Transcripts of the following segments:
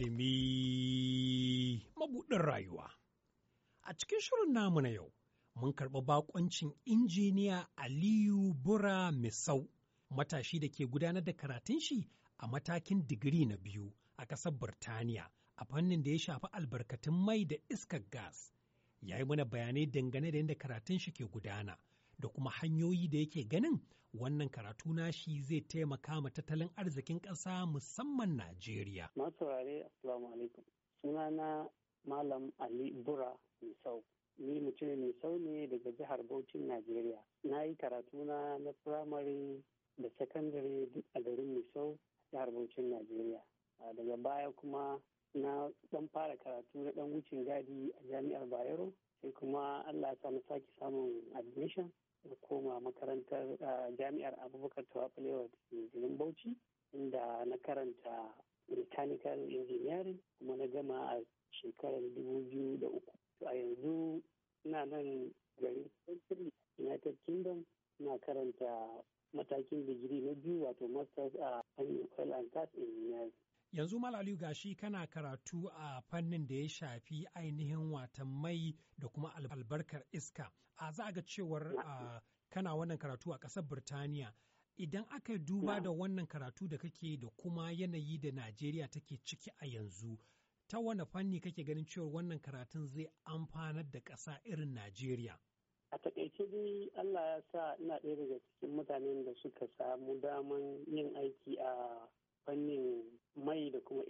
ilimi mabuɗin rayuwa. A cikin shirin namu na yau, mun karɓi bakoncin injiniya Aliyu Bura Misau, matashi da ke gudanar da karatun shi a matakin digiri na biyu a ƙasar Birtaniya a fannin da ya shafi albarkatun mai da iskar gas. Ya yi mana bayanai dangane da yadda karatun shi ke gudana da kuma hanyoyi da yake ganin wannan karatu nashi zai taimaka ma tattalin arzikin ƙasa musamman Najeriya. Masu Assalamu alaikum. na Malam Ali Bura Misau. Ni mutum sau ne daga jihar Bauchin Najeriya. Na yi karatuna na firamare da sakandare duk a garin Misau, jihar Bauchin Najeriya. Daga baya kuma na dan fara karatu na dan wucin gadi a jami'ar Bayero sai kuma Allah ya sa na sake samun admission na koma makarantar jami'ar abubakar tawafalewa da ke jinin bauchi inda na karanta mechanical engineering kuma na gama a shekarar dubu biyu da uku to a yanzu ina nan garin united kingdom na karanta matakin digiri na biyu wato masters a hanyar oil and gas engineering Yanzu Malaliyu shi kana karatu a fannin da ya shafi ainihin watan mai da kuma albarkar iska. A za a ga cewar kana wannan karatu a ƙasar Birtaniya. Idan aka duba da wannan karatu da kake da kuma yanayi da Najeriya take ciki a yanzu, ta wane fanni kake ganin cewar wannan karatun zai amfanar da ƙasa irin Najeriya? A takaice dai Allah ya sa ina ɗaya daga cikin mutanen da suka samu daman yin aiki a fannin mai da kuma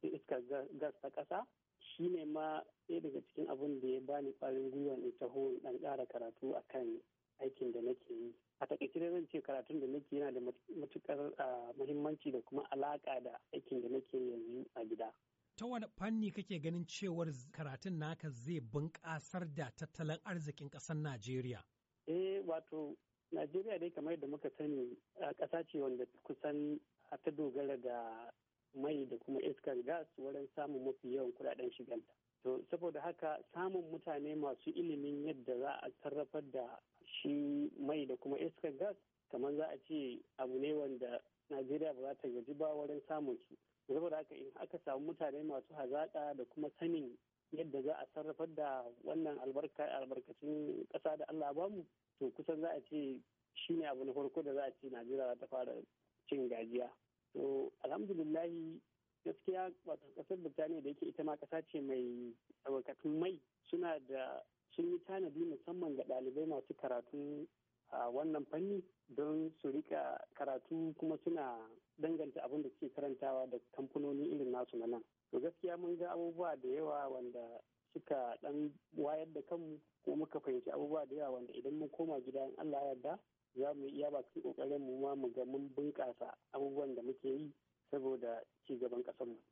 iska gas ta ƙasa shi ne ma ɗaya daga cikin abin da ya bani ƙwarin gwiwa in taho ɗan ƙara karatu a kan aikin da nake yi a takaice dai zan ce karatun da nake yana da matuƙar muhimmanci da kuma alaƙa da aikin da nake yanzu a gida ta wani fanni kake ganin cewar karatun naka zai bunƙasar da tattalin arzikin ƙasar Najeriya? Eh wato Najeriya dai kamar da muka sani ƙasa ce wanda kusan a ta dogara da mai da kuma iskar gas wurin samun mafi yawan kudaden shiganta to saboda haka samun mutane masu ilimin yadda za a sarrafar da shi mai da kuma iskar gas kamar za a ce abu ne wanda najeriya ba za ta gaji ba wurin samun su saboda haka in aka samu mutane masu hazaƙa da kuma sanin yadda za a sarrafar da wannan albarka albarkacin ƙasa da allah bamu to kusan za a ce shi abu na farko da za a ce najeriya za ta fara cin gajiya to alhamdulillahi gaskiya wato kasar birtaniya da yake ita ma kasa ce mai albarkatun mai suna da sun yi tanadi musamman ga ɗalibai masu karatun a wannan fanni don su rika karatu kuma suna danganta abin da suke karantawa da kamfanoni irin nasu na nan to gaskiya mun ga abubuwa da yawa wanda suka dan wayar da kanmu kuma muka fahimci abubuwa da yawa wanda idan mun koma gida in Allah ya yarda za mu iya ba su kokarin mu ma mu ga mun bunƙasa abubuwan da muke yi saboda ci gaban ƙasarmu.